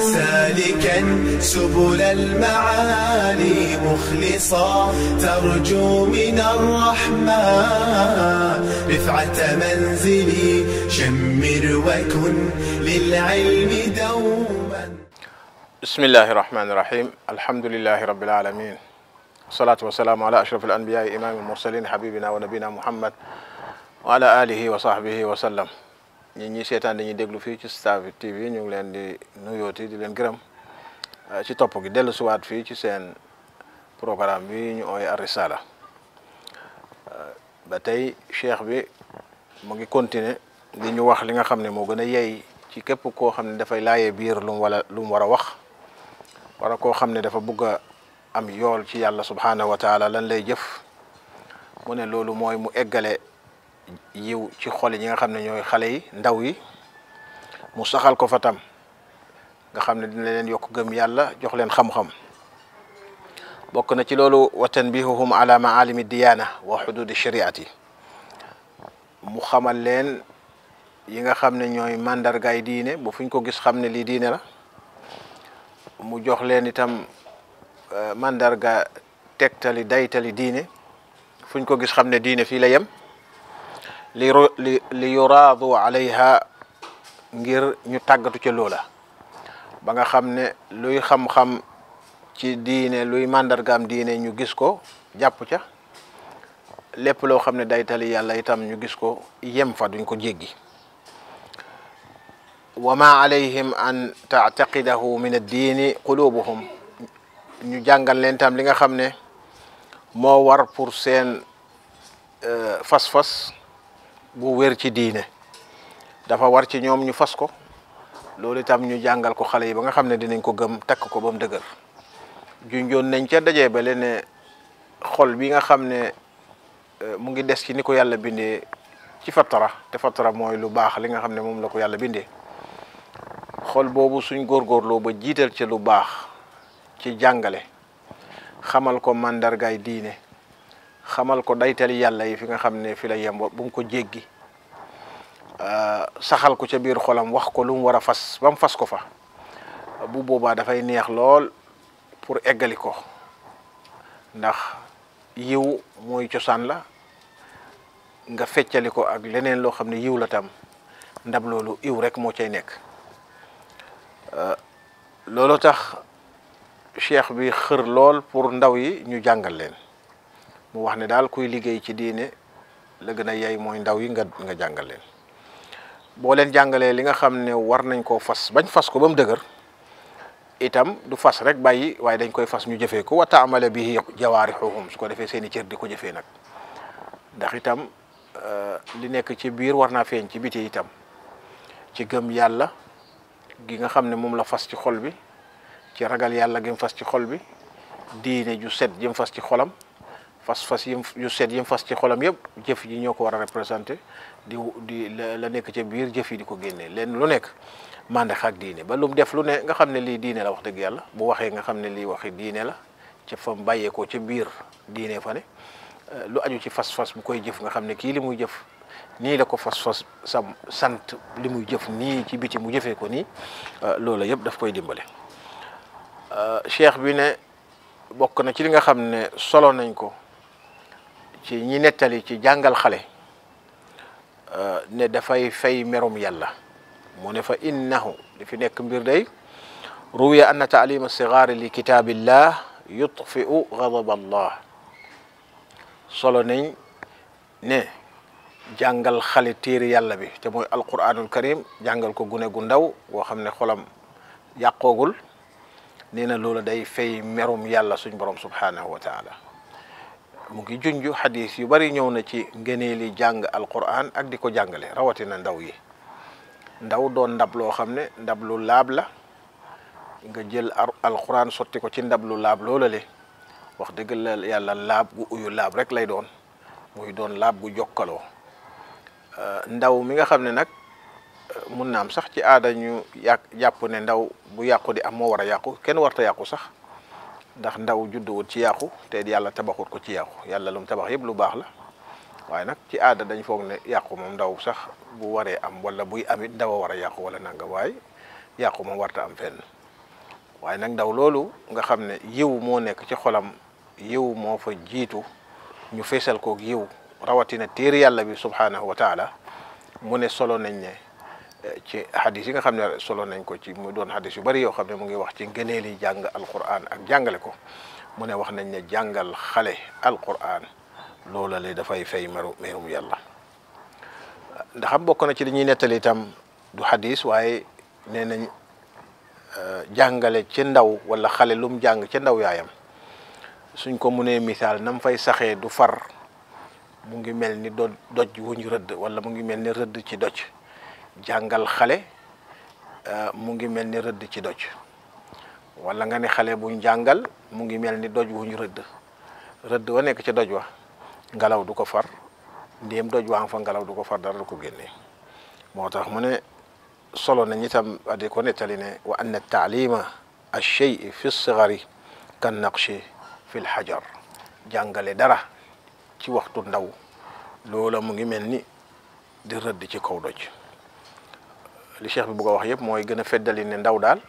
سالكا سبل المعالي مخلصا ترجو من الرحمن رفعة منزلي شمر وكن للعلم دوما بسم الله الرحمن الرحيم الحمد لله رب العالمين والصلاة والسلام على أشرف الأنبياء إمام المرسلين حبيبنا ونبينا محمد وعلى آله وصحبه وسلم ñi ñuy seetaan dañuy déglu fii ci Star TV ñu ngi leen di nuyooti di leen gërëm ci topp gi dellu siwaat fii ci seen programme bi ñu ooy Arrisala ba tey cheikh bi mu ngi continuer li ñu wax li nga xam ne moo gën a yey ci képp koo xam ne dafay laayee biir lu mu wala lu war a wax wala koo xam ne dafa bëgg a am yool ci yàlla subhaanahu wa lañ lay jëf mu ne loolu mooy mu eggale yiw ci xol yi nga xamne ñoy xale yi ndaw yi mu saxal ko fatam nga xamne dina leen yok gëm yàlla jox leen xam-xam bok na ci lolu watan bihum ala maalimi diyana wa hudud shariati mu xamal leen yi nga xamne ñoy mandar gay diine bu fuñ ko gis xamne li diine la mu jox leen itam mandar ga tektali daytali diine fuñ ko gis xamne diine fi la yem li li yuraadu alayha ngir ñu tàggatu ca loola ba nga xam ne luy xam-xam ci diine luy màndargaam diine ñu gis ko jàpp ca lépp loo xam ne day tali yàlla itam ñu gis ko yem fa duñ ko jéggi wa ma alayhim an taataqidahu min addiini qulubuhum ñu jàngal leen tam li nga xam ne moo war pour seen euh, fas-fas bu wér ci diine dafa war ci ñoom ñu fas ko loolu itam ñu jàngal ko xale yi ba nga xam ne dinañ ko gëm takk ko ba mu dëgër junjoon nañ ca dajee ba leen ne xol bi nga xam ne euh, mu ngi des ci ni ko yàlla bindee ci fattara te fattara mooy lu baax li nga xam ne moom la ko yàlla bindee xol boobu suñ góorgóorloo ba jiital ci lu baax ci jàngale xamal ko mandargaay diine xamal ko daytali yàlla yi fi nga xamne fi la yem bu ko jéggi saxal ko ci bir xolam wax ko lu mu wara fas bam fas ko fa bu boba da fay neex lol pour eggali ko ndax yiw mooy cosaan la nga feccali ko ak leneen lo xamne yiw la tam ndab loolu iw rek mo cey nek loolu tax cheikh bi xeur lol pour ndaw yi ñu jàngal leen mu wax ne daal kuy liggéey ci diine la gën a yay mooy ndaw yi nga nga jàngal boo leen jàngalee li nga xam ne war nañ koo fas bañ fas ko ba mu dëgër itam du fas rek bàyyi waaye dañ koy fas ñu jëfee ko wa taamala bihi jawaarixuhum su ko defee seeni i cër di ko jëfee nag ndax itam euh, li nekk ci biir war naa feeñ ci biti itam ci gëm yàlla gi nga xam ne moom la fas ci xol bi ci ragal yàlla gi fas ci xol bi diine ju set jëm fas ci xolam fas fas yim yu seet yim fas ci xolam yëpp jëf yi ñoo ko war a représenté di di la nekk ca biir jëf yi di ko génnee leen lu nekk mandax ak diine ba lu def lu ne nga xam ne lii diine la wax dëgg yàlla bu waxee nga xam ne lii waxi diine la ca fam bàyyeekoo ca biir diine fa euh, lu aju ci fas-fas bu koy jëf nga xam ne kii li muy jëf nii la ko fas-fas sant li muy jëf nii ci biti mu jëfee ko nii euh, loolu yëpp daf koy dimbale euh, cheikh bi ne bokk na ci li nga xam ne solo nañ ko ci ñi netali ci jàngal xale ne da fay merum yàlla mu ne fa innahu li fi nekk mbir day ruwiya anna taalima sigaari li kitaabillah yutfiu gadab allah solo nañ ne jàngal xale téere yàlla bi te moy alquranul karim jàngal ko gune gu ndaw wo xamne xolam yàqoogul neena na day fay merum yàlla suñ borom subhanahu wa taala mu ngi junj xadis yu bari ñëw na ci ngëneeli jàng alquran ak di ko jàngale rawatina ndaw yi ndaw doon ndab loo xam ne ndab lu laab la nga jël alquran sotti ko ci ndab lu laab loola le wax dëgg la yàlla laab gu uyu laab rek lay doon muy doon laab gu jokkaloo euh, ndaw mi nga xam ne nag mun na am sax ci aada ñu yàq jàpp ne ndaw bu yàqu di am moo war a yàqu kenn warta yàqu sax ndax ndaw judduwut ci yàqu te yàlla tabaxut ko ci yàqu yàlla lu tabax yëpp lu baax la waaye nag ci aada dañ foog ne yàqu moom ndaw sax bu waree am wala buy amit ndaw a war a yàqu wala nanga waaye yàqu moom warta am fenn waaye nag ndaw loolu nga xam ne yiw moo nekk ci xolam yiw moo fa jiitu ñu feesal koog yiw rawatina téere yàlla bi subhaanahu wa taala mu ne solo nañ ne ci hadis yi nga xam ne solo nañ ko ci mu doon hadis yu bari yoo xam ne mu ngi wax ci ngëneeli jàng alquran ak jàngale ko mu ne wax nañ ne jàngal xale alquran loola le dafay fay meru merum yàlla ndaxam am bokk na ci li ñuy nettali itam du hadis waaye nee nañ euh, jàngale ci ndaw wala xale lum jàng ci ndaw yaayam suñ ko mënee misaal nam fay saxee du far mu ngi mel ni do doj wuñu rëdd wala mu ngi mel ni rëdd ci doj jàngal xale mu ngi melni reud ci doj wala nga ni xale buñ jàngal mu ngi melni doj buñ reud reud wa nek ci doj wa ngalaw du ko far ndem doj wa nga fa ngalaw du ko far dara ko genné motax mu ne solo nañ itam adé ko nettali ne wa anna ash-shay fi as-sighari kan naqshi fi al-hajar jàngale dara ci waxtu ndaw lola mu ngi melni di rëdd ci kaw doj li cheikh bi bëgg a wax yëpp moy gëna fédali ne ndaw dal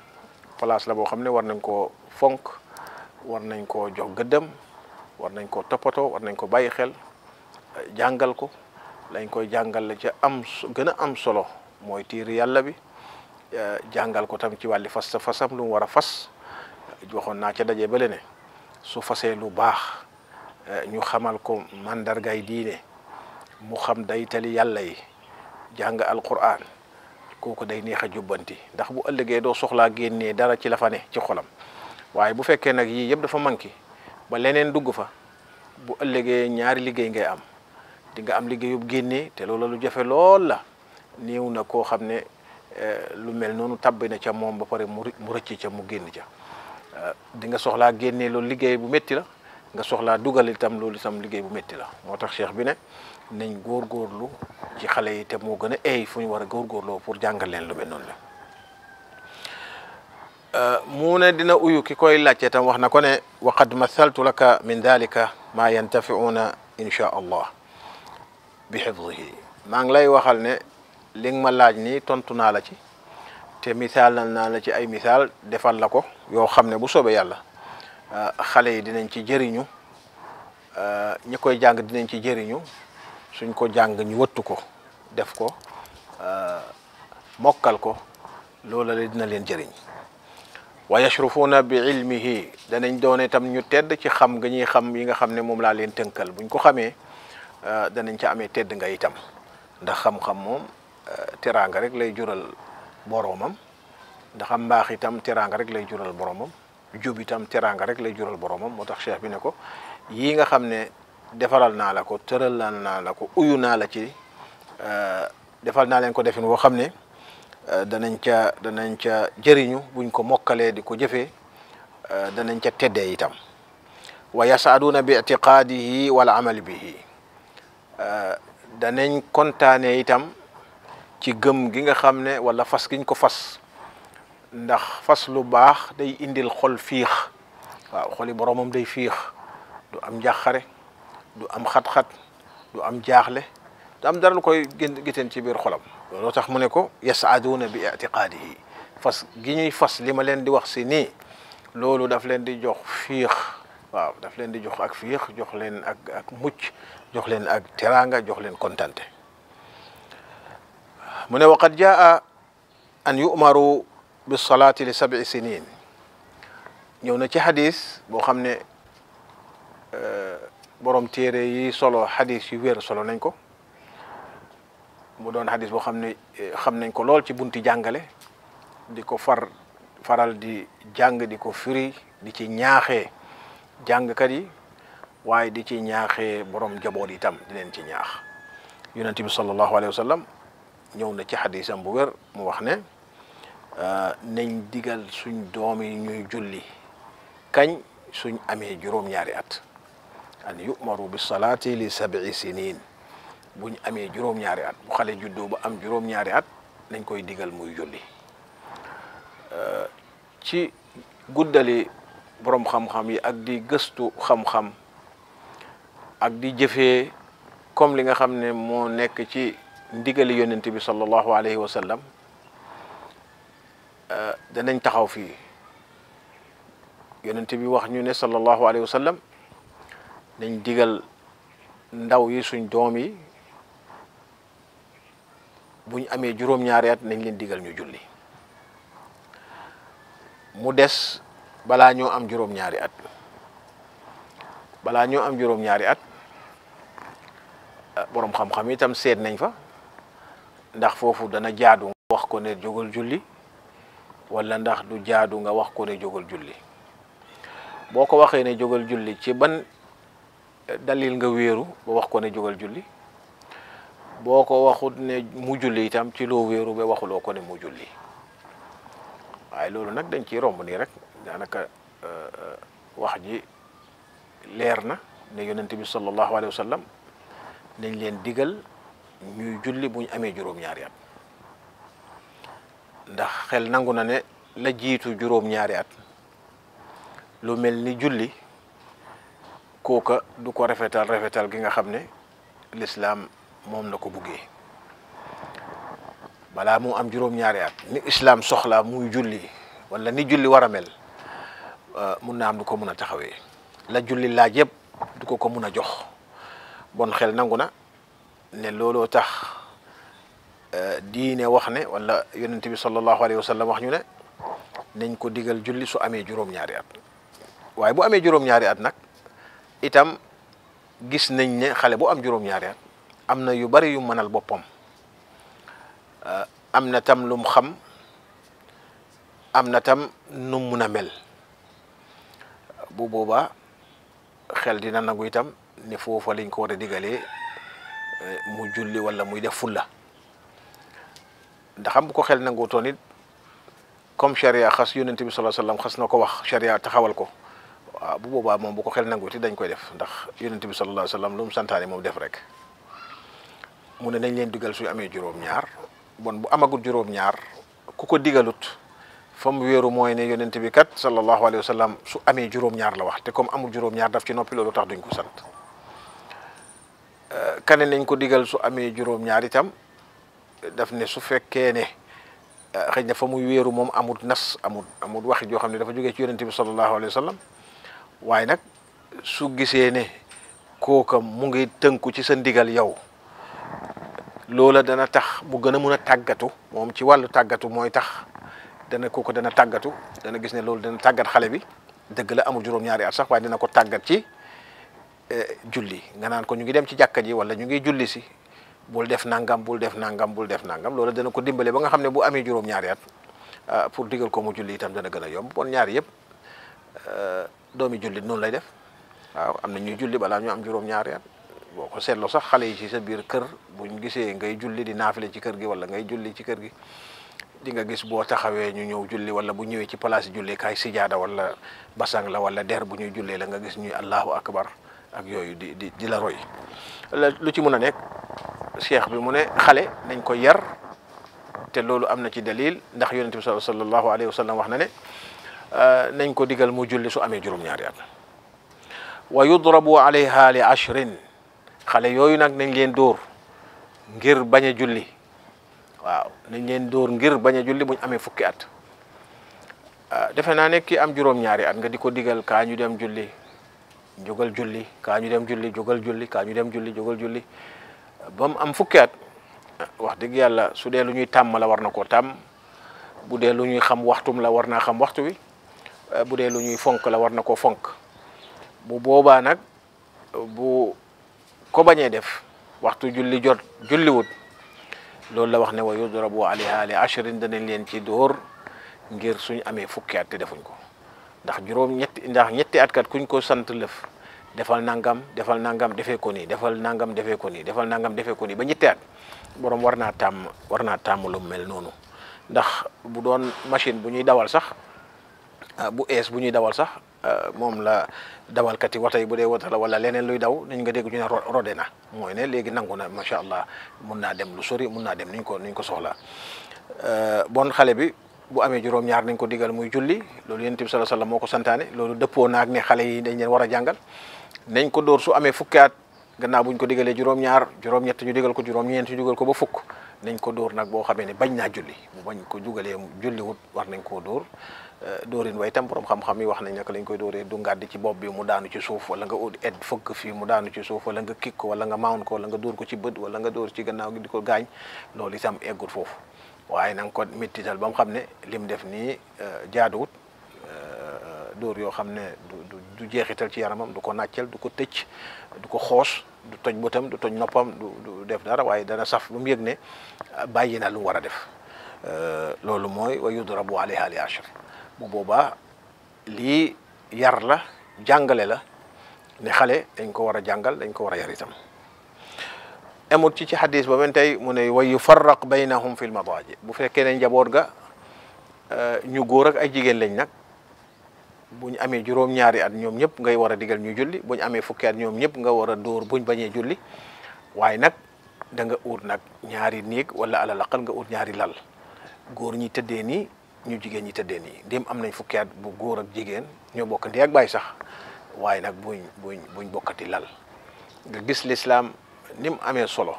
place la bo xamné war nañ ko fonk war nañ ko jox gëddam war nañ ko topato war nañ ko bàyyi xel jàngal ko lañ koy jàngal la ci am gëna am solo moy tire yàlla bi jàngal ko tam ci wàlli fas fasam lu wara fas waxoon na ci daje bale ne su fasé lu bax ñu xamal ko gay diine mu xam daytali yàlla yi jàng alquran kooku day neex a jubbanti ndax bu ëllëgee doo soxlaa génnee dara ci la ci xolam waaye bu fekkee nag yii yëpp dafa manqué ba leneen dugg fa bu ëllëgee ñaari liggéey ngay am di nga am liggéeyub génnee te loolu lu jafe lool la néew na koo xam ne eh, lu mel noonu tabbi na ca moom ba pare mu rëcc ca mu génn ca eh, di nga soxlaa génnee loolu liggéey bu métti la. nga soxla dugal itam loolu itam liggéey bu métti la motax cheikh bi ne nañ góorgóorlu ci xale yi te mo gëna ay fuñ wara gor war a pour jàngal len lu mel non la euh mo ne dina uyu ki koy laajte tam waxna ko ne wa qad masaltu laka min dalika yantafi'una in sha allah bi hifdhihi ma ngi lay waxal ne li nga ma laaj ni tontu na la ci te misal na la ci ay misal defal lako yo xamne bu sobe yàlla Euh, xale yi dinañ ci jëriñu euh, ñi koy jàng dinañ ci jëriñu suñ ko jàng ñu wëttu ko def ko euh, mokkal ko loola la dina leen jëriñ wa yashrufuuna bi ilmihi danañ doone itam ñu tedd ci xam nga ñuy xam yi nga xam ne moom laa leen tënkal buñ ko xamee danañ ca amee tedd nga itam ndax xam-xam moom teraanga rek lay jural boroomam ndax am mbaax yitam teraanga rek lay jural boroomam jubitam teranga rek lay jural boromam moo tax cheikh bi ne ko yi nga xamne defaral la ko lan na la ko uyu na la ci defal na len ko defin wo xamne danañ ca danañ ca jëriñu buñ ko mokale diko jëfé jëfee danañ ca tedde itam wa yas'aduna bi itiqaadihi wal amal bihi danañ kontaanee itam ci gëm gi nga xamne wala fas giñ ko fas ndax fas lu bax day indil xol fiix wa xoli boromam day fiix du am jaxare du am khat khat du am jaxle du am dara lu koy gën ci bir xolam lo tax mu ne ko yasaaduna bi i'tiqadihi fas giñuy fas lima len di wax ci ni lolu daf len di jox fiix wa daf len di jox ak fiix jox len ak ak mucc jox len ak teranga jox len contente mune ne waqad jaa an yu'maru bi salaati li sabi sinin ñëw na ci xadis boo xam ne borom téere yi solo xadis yu wér solo nañ ko mu doon xadis boo xam ne xam nañ ko lool ci bunti jàngale di ko far faral di jàng di ko firi di ci ñaaxee jàngkat yi waaye di ci ñaaxee borom njaboot itam di leen ci ñaax yonent bi sallallahu alayhi wa sallam ñëw na ci xadisam bu wér mu wax ne Euh, nañ digal suñ doom yi ñuy julli kañ suñ amee juróom-ñaari at an yumaru bi salaati li sabi sinin buñ amee juróom-ñaari at bu xale juddoo ba am juróom-ñaari at nañ koy digal muy julli euh, ci guddali borom xam-xam yi ak di gëstu xam-xam ak di jëfee comme li nga xam ne moo nekk ci ndigali yonent bi sallallahu alayhi wa danañ taxaw fi yonent bi wax ñu ne sallallahu alayhi wasallam sallam nañ digal ndaw yi suñ doom yi buñ amé juroom ñaar yaat nañ leen digal ñu julli mu dess bala ñu am juróom-ñaari at bala ñu am juróom-ñaari at borom xam-xam itam seet nañ fa ndax fofu dana jaadu wax ko ne jógal julli wala ndax du jaadu nga wax ko jógal julli boo ko waxee ne jógal julli ci ban eh, dalil nga wéeru ba wax ko ne jógal julli boo ko waxut ne mu julli itam ci loo wéeru ba waxuloo ko ne mu julli waaye loolu nag dañ ciy romb nii rek daanaka eh, eh, wax ji leer na ne yonent bi sallallahu alayhi wa sallam nañ leen digal ñuy julli buñ amee juróom-ñaari at ndax xel nangu na ne la jiitu juróom-ñaari at lu mel ni julli kooka du ko rafetal rafetal gi nga xam ne lislaam moom na ko buggee balaa mu am juróom-ñaari at ni islaam soxlaa muy julli wala ni julli war a mel euh, mun na am du ko mun a taxawee la julli laaj yëpp du ko ko mun a jox bon xel nangu na ne looloo tax diine wax ne wala yonent bi sallallahu alayhi wa wax ñu ne nañ ko digal julli su amee juróom-ñaari at waaye bu amee juróom-ñaari at nag itam gis nañ ne xale bo am juróom-ñaari at am na yu bari yu mënal boppam am na tam lum xam am na tam nu mun a mel bu booba xel dina nangu itam ne foofa lañ ko war a digalee mu julli wala muy def fulla ndax am bu ko xel nangu toon it comme charia xas yonent bi sallallahu alayhi xas na ko wax charia taxawal ko waaw bu boobaa moom bu ko xel nangu ti dañ koy def ndax yonent bi sallallahu alayhi wasallam lu mu santaane moom def rek mu ne nañ leen digal suy amee juróom-ñaar bon bu amagul juróom-ñaar ku ko digalut fa mu wéeru mooy ne yonent bi kat sallallahu alayhi wasallam su amee juróom-ñaar la wax te comme amul juróom-ñaar daf ci noppi loolu tax duñ ko sant kane nañ ko digal su amee juróom-ñaar itam def ne su fekkee ne euh, xëy na fa muy wéeru moom amut nas amut amut wax joo xam ne dafa jógee ci yonente bi sallallahu alayhi wa waaye nag su gisee ne kooka mu ngi tënku ci sa ndigal yow loola dana tax mu gën a mun a tàggatu moom ci wàllu tàggatu mooy tax dana kooka dana tàggatu dana gis ne loolu dana tàggat xale bi dëgg la amul juróom-ñaari at sax waaye dina ko tàggat ci euh, julli nga naan ko ñu ngi dem ci jàkka ji wala ñu ngi julli si bul def nangam bul def nangam bul def nangam loolu dana ko dimbale ba nga xam ne bu amee juróom-ñaari at ah, pour digal ko mu julli itam dana gën a yomb kon ñaari yëpp ah, doomi jullit noonu lay def am na julli balaa ñu am juróom-ñaari at boo ko seetloo sax xale yi ci sa biir kër buñ gisee ngay julli di naafile ci kër gi wala ngay julli ci kër gi di nga gis boo taxawee ñu ñëw julli wala bu ñëwee ci place julli kaay sijaada wala basang la wala der bu ñuy jullee la nga gis ñuy allahu akbar ak yooyu di di di la roy lu ci mën a nekk cheikh bi mu ne xale dañ yar te loolu am ci dalil ndax yonente bi sallallahu alayhi Wasallam wax na euh, nañ ko digal mu julli su amee juróom-ñaari at wa yudrabu alayha li ashrin xale yooyu nag nañ leen dóor ngir bañ a julli waaw nañ leen dóor ngir bañ julli buñ fukki at euh, ki am jurum ñaari at nga ko digal kaa ñu dem julli jógal julli kaa ñu dem julli jogal julli kaa ñu dem julli julli ba am fukki at wax dëgg yàlla su dee lu ñuy tàmm la war na koo tàmm bu dee lu ñuy xam waxtum la war naa xam waxtu wi bu dee lu ñuy fonk la war na koo fonk bu boobaa nag bu ko bañee def waxtu julli jot julliwut loolu la wax ne wa yudrabu alayha li ashrin danañ leen ci dóor ngir suñ amee fukki at te defuñ ko ndax juróom ñetti ndax ñetti at kat kuñ ko sant lëf defal nangam defal nangam defee ko nii defal nangam defee ko nii defal nangam defee ko nii ba ñetti at borom warna tam tàmm war lu mel noonu ndax bu doon machine bu ñuy dawal sax ah, bu es bu ñuy dawal sax ah, mom la dawalkat yi wata yi bu lenen wata la wala leneen luy daw nañ nga dégg ñu rodé na mooy ne léegi allah dem lu sori dem nuñ ko nuñ ko soxla ah, bon xale bi bu ame juróom-ñaar nañ ko digal muy julli loolu yonent bi sallallahu alayhi wasallam moo ko santaane loolu dëppoo naag ne yi dañ leen nañ ko dóor su amee fukki at gannaaw buñ ko digalee juróom-ñaar juróom-ñett ñu digal ko juróom-ñeent ñu digal ko ba fukk nañ ko dóor nag boo xamee ne bañ naa julli bu bañ ko jugalee julli wut war nañ koo dóor euh, dóorin way tam borom xam-xam yi wax nañ naka lañ koy dóoree du ngàddi ci bopp bi mu daanu ci suuf wala nga ut ed fëgg fii mu daanu ci suuf wala nga kik ko wala nga maawun ko wala dóor ko ci bët wala nga dóor ci gannaaw gi di ko gaañ loolu itam eggul foofu waaye na nga ko méttital ba mu xam ne lim def nii euh, jaaduwut euh, dóor yoo xam ne du jeexital ci yaramam du ko nàccal du ko tëcc du ko xoss du togn botam du togn nopam du du def dara waye dana saf lu mu yëg ne lu wara war a def loolu mooy wa yudrabu alayha li ashr bu boba li yar la jàngale la ne xale dañ ko wara jàngal dañ ko wara yar itam amul ci ci hadith ba men tey mu ne wa yufarraq baynahum fi lmadaaji bu fekke ne njabor ga ñu góor ak ay jigen lañ nak bu ñu amee juróom ñaari at ñoom ñëpp ngay war a digal ñu julli bu ñu amee fukki at ñoom ñëpp nga war a buñ bañee julli waaye nag da nga ur nak ñaari néeg wala ala laqal nga ur ñaari lal góor ñi tëddee nii ñu jigéen ñi tëddee nii dem am nañ fukki at bu góor ak jigéen ñoo bokk ndey ak bàyyi sax waaye nag buñ buñ buñ bokkati lal nga gis l'islam ni mu solo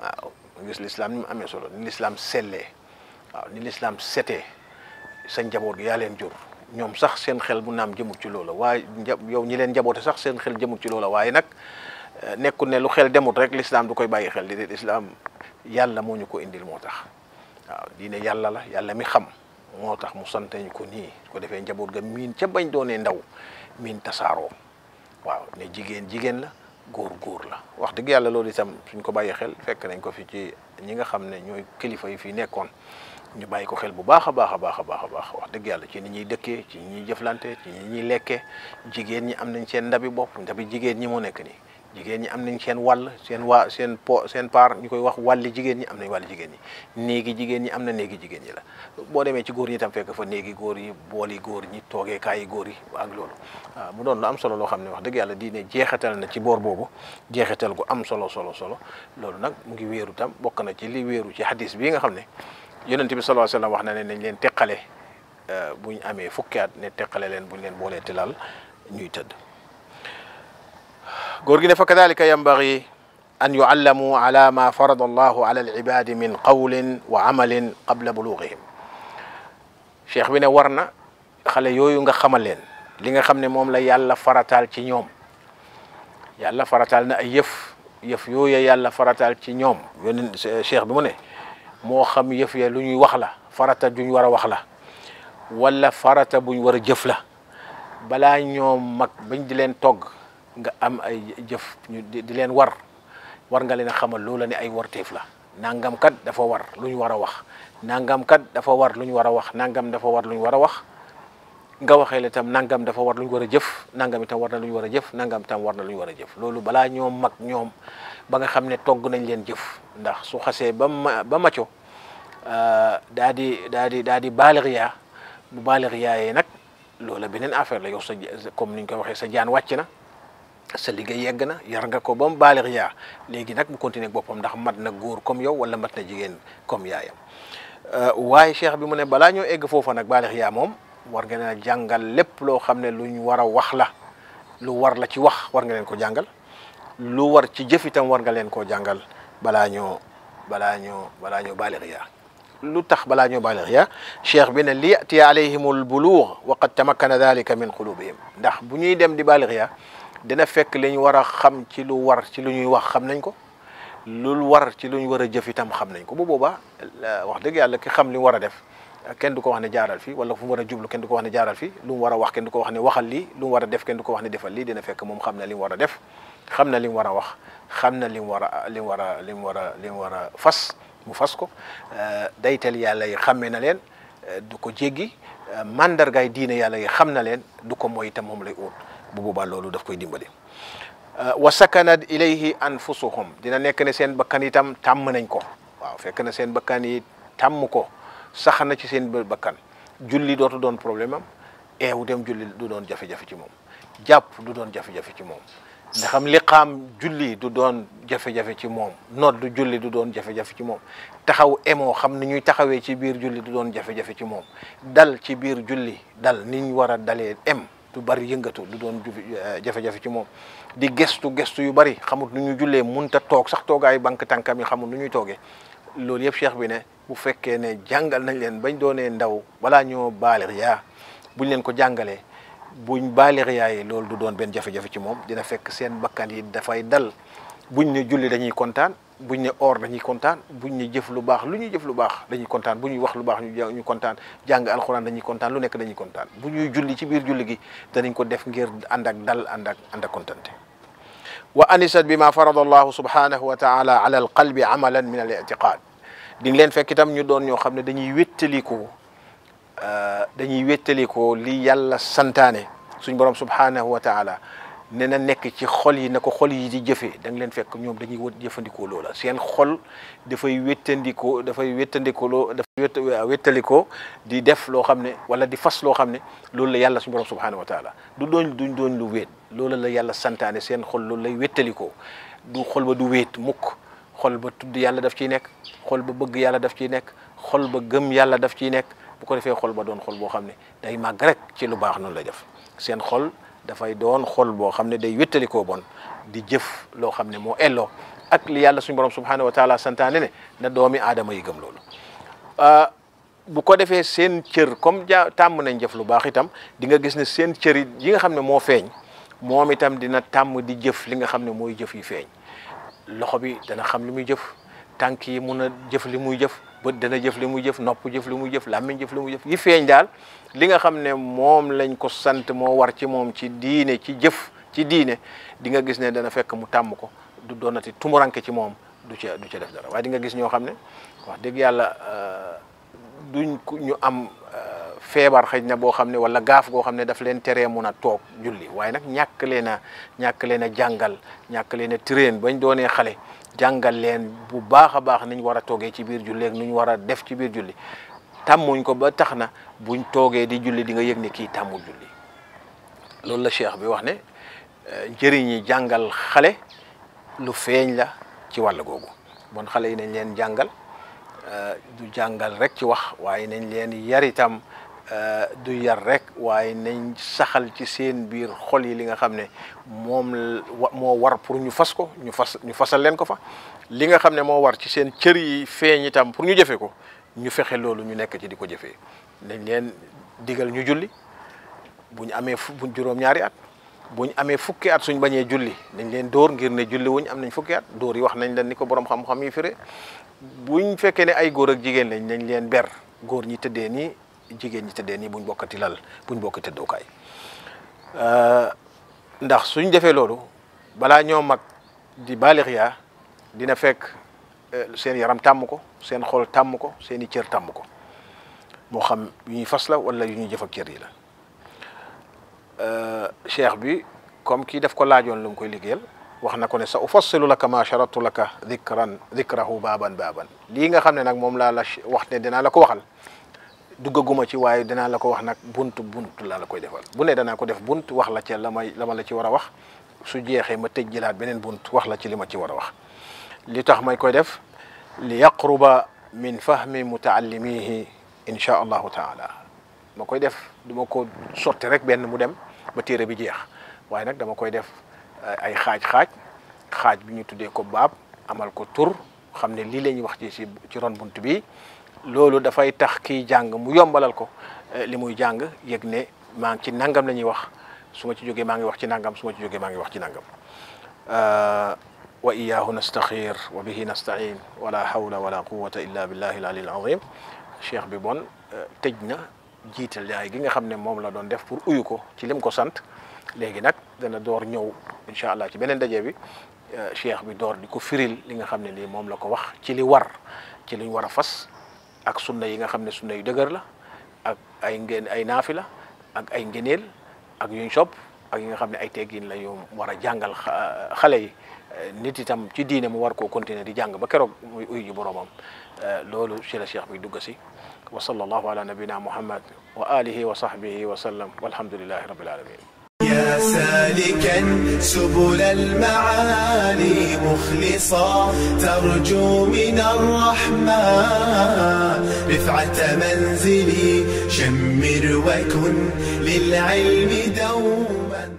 waaw gis l'islam ni mu solo ni lislaam sellee waaw ni lislaam setee sa njaboot gi yaa leen jur ñoom sax seen xel bu naam jëmul ci loola waaye yow ñi leen njaboote sax seen xel jëmul ci loola waaye nag eh, nekkul ne lu xel demut rek lislaam du koy bàyyi xel déedéet lislaam yàlla moo ñu ko indil moo tax waaw diine yàlla la yàlla mi xam moo tax mu sante ñu ko nii su ko defee njaboot ga miin ca bañ doonee ndaw miin tasaaroo waaw ne jigéen jigéen la góor góor la wax dëgg yàlla loolu itam suñ ko bàyyee xel fekk nañ ko fi ci ñi nga xam ne ñooy kilifa yi fii nekkoon ñu bàyyi ko xel bu baax a baax a baax a baax a baax wax dëgg yàlla ci ni ñuy dëkkee ci ni ñuy jëflante ci ñi ñuy lekkee jigéen ñi am nañ seen ndabi bopp ndabi jigéen ñi mu nekk nii jigéen ñi am nañ seen wàll seen waa seen po seen paar ñu koy wax wàlli jigéen ñi am nañ wàlli jigéen ñi néegi jigéen ñi am na néegi ñi la boo demee ci góor ñi tam fekk fa néegi góor yi booli góor ñi toogeekaay yi góor yi ak loolu mu doon lu am solo loo xam ne wax dëgg yàlla diine jeexatal na ci boor boobu jeexatal gu am solo solo solo loolu nag mu ngi weeru tam bokk na ci li wéeru ci hadis bii nga xam ne yonent bi sallallahu alayhi wasallam wax na ne nañ leen teqale bu ñu amee fukki at ne teqale leen bu ñu leen boolee ti lal ñuy tëdd góor gi ne fa kadalika yanbaghi an yuallamu ala ma farada allahu ala alibadi min qawlin wa amalin qabla bulughihim cheikh bi ne war na xale yooyu nga xamal leen li nga xam ne moom la yàlla farataal ci ñoom yàlla farataal na ay yëf yëf yooyu yàlla farataal ci ñoom yonent cheikh bi mu ne moo xam yëf ya lu ñuy wax la farata juñ war a wax la wala farata buñ war a jëf la bala ñoom mag bañ di leen togg nga am ay jëf ñu di leen war war nga leen a xamal loola ne ay warteef la nangam kat dafa war lu ñu war a wax nangam kat dafa war lu ñu war a wax nangam dafa war lu ñu war a wax nga waxee la itam nangam dafa war lu ñu war a jëf nangam itam war na lu ñu war a jëf nangam itam war na lu ñu war a loolu balaa ñoom mag ñoom ba nga xam ne togg nañ leen jëf ndax su xasee ba ma ba maco euh, daa di daa di daa di baalixiyaa bu baalixiyaayee nag loola beneen affaire la yow sa comme ni ñu koy waxee sa jaan wàcc na sa liggéey yegg na yar nga ko ba mu baalixiyaa léegi nag bu continuer boppam ndax mat na góor comme yow wala mat na jigéen comme yaayam euh, waaye cheikh bi mu ne balaa ñoo egg foofa nag baalixiyaa moom war nga leen a jàngal lépp loo xam ne luñ war a wax la lu war la ci wax war nga leen ko jàngal lu war ci jëf itam war nga leen koo jàngal balaa ñoo balaa ñoo balaa ñoo baligh lu tax balaa ñoo baligh ya cheikh bi ne li yati alayhim al bulugh wa qad tamakkana dhalika min qulubihim ndax bu ñuy dem di baligh ya dina fekk li ñu war a xam ci lu war ci lu ñuy wax xam nañ ko lu war ci lu ñu war a jëf itam xam nañ ko bu boobaa wax dëgg yàlla ki xam li mu war a def kenn du ko wax ne jaaral fi wala fu mu war a jublu kenn du ko wax ne jaaral fi lu mu war a wax kenn du ko wax ne waxal lii lu mu war a def kenn du ko wax ne defal lii dina fekk moom xam na li mu war a def xam na li mu war a wax xam na li mu war a li mu war a li mu war a li mu war a fas mu fas ko daytal yàlla yi xàmme na leen du ko jéggi mandargaay diine yàlla yi xam na leen du ko mooy itam moom lay ut bu boobaa loolu daf koy dimbali wa sakanat ilayhi anfusuhum dina nekk ne seen bakkan itam tàmm nañ ko waaw fekk na seen bakkan yi tàmm ko sax na ci seen bakkan julli dootu doon problème am eewu dem julli du doon jafe-jafe ci moom jàpp du doon jafe ci moom ndax am liqaam julli du doon jafe-jafe ci moom nodd du julli du doon jafe ci moom taxaw emoo xam ni ñuy taxawee ci biir julli du doon jafe ci moom dal ci biir julli dal ni ñu war a dalee em du bari yëngatu du doon eh, jafe-jafe ci moom di gestu gestu yu bari xamut nu ñu jullee munta toog sax toogaayu bank tànkam yi xamut nu ñuy toogee loolu yëpp cheikh bi ne bu fekkee ne jàngal nañ leen bañ doonee ndaw balaa ñoo baalir yaa buñ leen ko jàngalee buñ baalir yaay loolu du doon benn jafe-jafe ci moom dina fekk seen bakkan yi dafay dal buñ ne julli dañuy kontaan buñ ne or dañuy kontaan buñ ne jëf lu baax lu ñuy jëf lu baax dañuy kontaan bu ñuy wax lu baax ñu kontaan jàng alxuraan dañuy kontaan lu nekk dañuy kontaan bu ñuy julli ci biir julli gi danañ ko def ngir ànd ak dal ànd ak ànd ak kontante wa anisat bi ma farada allahu subhanahu wa taala ala alqalbi amalan min di ngi len fekk itam ñu doon ño xamne dañuy wételiko euh dañuy wételiko li yàlla santane suñu borom subhanahu wa taala ne na nekk ci xol yi nako xol yi di jëfé da ngi len fekk ñom dañuy wut jëfëndiko loola seen xol da fay da fay dafay lo da fay wételiko di def lo xamne wala di fas lo xamne loolu la yàlla suñu borom subhanahu wa taala du doñ duñ doñ lu wét loolu la yàlla santane seen xol loolu lay wételiko du xol ba du wét mukk xol ba tudd yàlla daf ciy nekk xol ba bëgg yàlla daf ciy nekk xol ba gëm yàlla daf ciy nekk bu ko defee xol ba doon xol boo xam ne day màgg rek ci lu baax noonu la def seen xol dafay doon xol boo xam ne day wéttalikoo bon di jëf loo xam ne moo elloo ak li yàlla suñu borom subhanahu wa taala santaane ne na doomi aadama yi gëm loolu bu ko defee seen cër comme ja tàmm nañ jëf lu baax itam di nga gis ne seen cër yi nga xam ne moo feeñ moom itam dina tàmm di jëf li nga xam ne mooy jëf yi feeñ loxo bi dana xam li muy jëf tànk yi mun a jëf li muy jëf bët dana jëf mu jëf nopp jëf mu jëf làmmiñ jëf li muy jëf yi feeñ daal li nga xam ne moom lañ ko sant moo war ci moom ci diine ci jëf ci diine di nga gis ne dana fekk mu tàmm ko du donati tumuranke ci moom du ca du ca def dara waaye di nga gis ñoo xam ne wax yàlla euh, duñ ñu am feebar xëj na boo xam ne walla gaaf goo xam ne daf leen teree mun a toog julli waaye nag ñàkk leen a ñàkk leen a jàngal ñàkk leen a train bañ doonee xale jàngal leen bu baax a baax niñ war a toogee ci biir julli ak nuñ war a def ci biir julli tàmmuñ ko ba tax na buñ toogee di julli di nga yëg ne kii tàmmul julli loolu la cheikh bi wax ne euh, njëriñ yi jàngal xale lu feeñ la ci wàll googu bon xale yi nañ leen jàngal euh, du jàngal rek ci wax waaye nañ leen yar Euh, du yar rek waaye nañ saxal ci seen biir xol yi li nga xam ne moom moo war pour ñu fas ko ñu fas ñu fasal leen ko fa li nga xam ne moo war ci seen cër yi feeñ itam pour ñu jëfe ko ñu fexe loolu ñu nekk ci di ko jëfee nañ leen digal ñu julli bu ñu amee fu bu at bu ñu amee fukki at suñ bañee julli nañ leen dóor ngir ne julli wuñ am nañ fukki at dóor yi wax nañ leen ni ko boroom xam-xam yi firee buñ fekkee ne ay góor ak jigéen lañ nañ leen ber góor ñi tëddee nii jigéen ñi tedde ni buñ bokati lal buñ teddo kay euh ndax suñ defé lolu bala ñoo mag di baalixiyaa dina fekk seen yaram tàmm ko seen xol tàmm ko seen ciir cër tàmm ko moo xam yu ñuy fas la wala yu ñuy jëf ak cër yi la euh cheikh bi comme ki def ko lajoon lu mu koy liggéeyal wax na ko ne sa ufassilu laka ma charatu laka dhikran dikrahu baban baban li nga xamne nak mom la wax ne dina la ko waxal duggaguma ci waye dinaa la ko wax nak buntu buntu la la koy defal bu ne dana ko def buntu wax la ci lamay lama la ci wara wax su jeexé ma tëj jëlaat beneen bunt wax la ci lima ci wara wax li tax may koy def li yaqruba min fahmi mutaallimihi insha allah taala ma koy def duma ko sorti rek ben mu dem ba téré bi jeex waye nak dama koy def ay xaj xaj xaj bi ñu tuddé ko bab amal ko tur xamné li lañ wax ci ci ron buntu bi lolu da fay tax ki jàng mu yombalal ko limuy jàng yëg ma ngi ci nangam lañuy wax suma ci joge ma ngi wax ci nangam suma ci joge ma ngi wax ci nangam wa iyyahu nastakhir wa bihi nastain wala hawla wala quwwata illa billahi al ali al azim cheikh bi bon tejna jital yaay gi nga xamne mom la doon def pour uyu ko ci lim ko sante léegi nak dana door ñëw inshallah ci benen dajje bi cheikh bi door diko firil li nga xamne ne mom la ko wax ci li war ci li wara fas ak sunna yi nga xamne sunna yu deugar la ak ay ngeen ay nafila ak ay ngeenel ak yuñ sopp ak yi nga xamne ay teggin la yu wara jàngal xale yi nit itam ci diine mu war ko continuer di jàng ba keroog muy uyu boromam lolu ci la cheikh bi dugg ci wa sallallahu ala nabina muhammad wa alihi wa sahbihi wa sallam walhamdulillahi rabbil alamin يا سالكا سبل المعالي مخلصا ترجو من الرحمن رفعة منزلي شمر وكن للعلم دوما